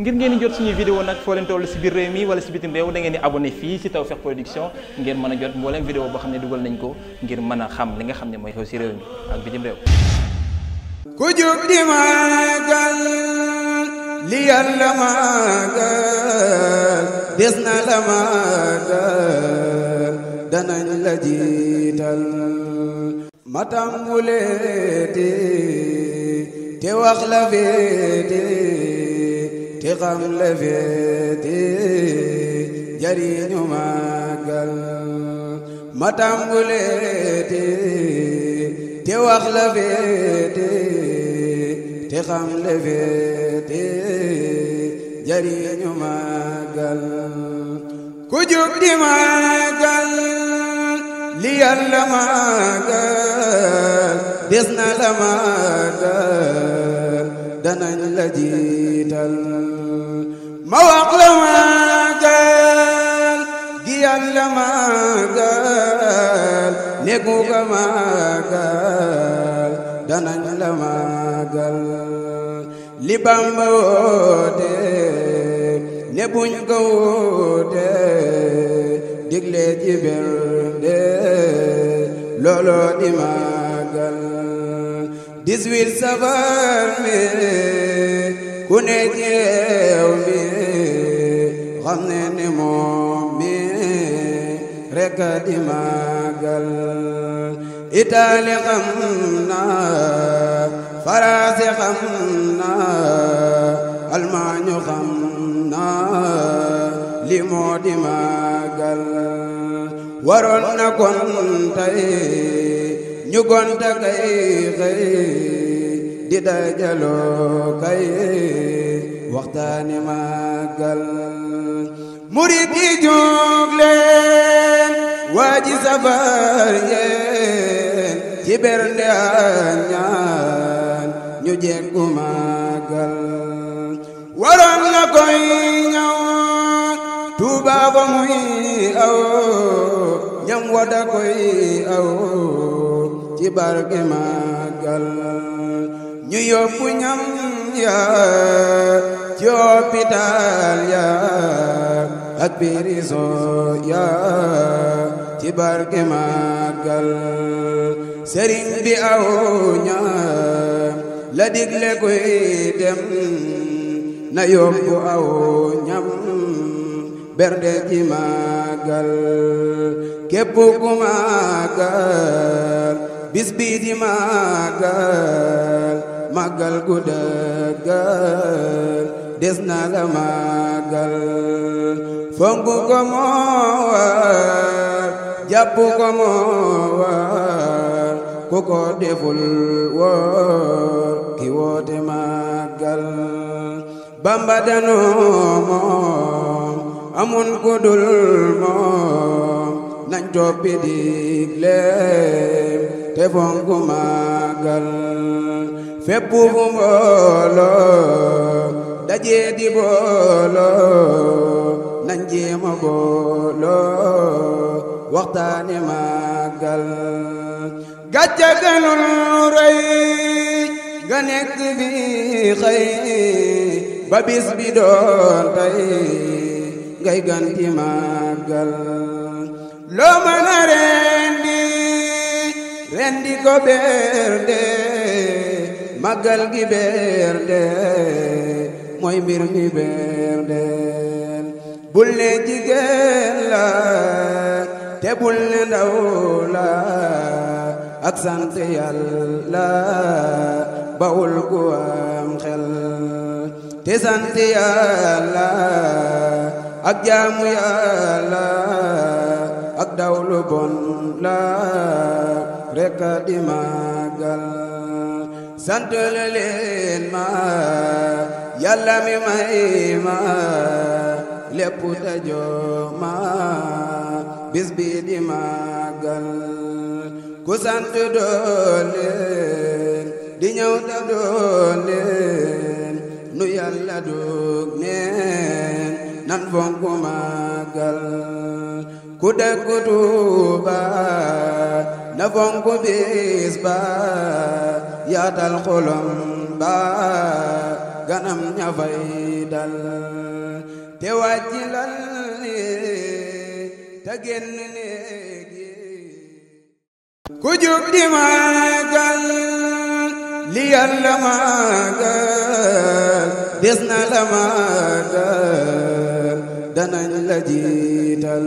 ngir ngeen jot suñu vidéo nag foo leen si biir réew mi wala si bitim réew da ngeen di abonné fii si Tawfekh Production ngeen mën a jot mbooleem vidéo boo xam ne dugal nañ ko ngir mën a xam li nga xam ne mooy xew si réew mi ak bitim réew ku jóg di màggal li yàlla màggal des na la màggal danañ la jiital matam muleeti te wax la féete ti xam le féete jariñu màggal ma tàmbuleete ti wax la féete ti xam le féete jariñu màggal ku jug di màggal li Yàlla màggal des na la màggal danañ la jiital ma wax la màggal gi yàlla màggal néegu ga màggal danañ la màggal li Bamba woote ne buñ ko woote digle ci bernde looloo di màggal dix-huit safar mi ku ne teew mi xam ne ni moom mi rekk di màggal Itaali xam na Faransi xam na Almaañu xam na li moo di màggal waroon na kon ñu gonta kay xëy di dajaloo kay waxtaani màggal murit yi jóg leen waa ji safar yeen ci bernde ñaan ñu jekku màggal waroon na koy ñëw Tuuba muy aw ñam wada koy aw ci barke màggal ñu yóbbu ñam ya ci hôpital ya ak prison ya ci barke màggal sëriñ bi aw ña la digle kuy dem na yóbbu aw ñam berde ci màggal képp ku màggal bis bii di màggal màggal des na la màggal fonk ko moo war ko moo ku ko deful woor ki woote màggal bamba danoo moom amun ku moom nañ toppi digleem te fonk màggal fépp fu mbooloo dajee booloo nañ booloo waxtaane màggal gàcce ganul rëy ga nekk bi xëy bi doon tey ngay ganti màggal loo mën ngeen di ko bernde gi bernde mooy mbir mi bul ne jigéen la te bul ne ndaw la ak sant yàlla bawul ku am xel te sant yàlla ak jaamu yàlla ak dawlu bon la rek di màggal sant leen ma yàlla mi may ma lépp dajoo ma bis bi di màggal ku sant doon leen di ñëw ta doon leen nu yàlla doog neen nan fonk màggal ku dëkk Tuuba na fonk bis ba yaatal xolom ba ganam ña te wàcci lal ni te génn néegi ku jug di màggal li yàlla màggal des na la màggal danañ la jiital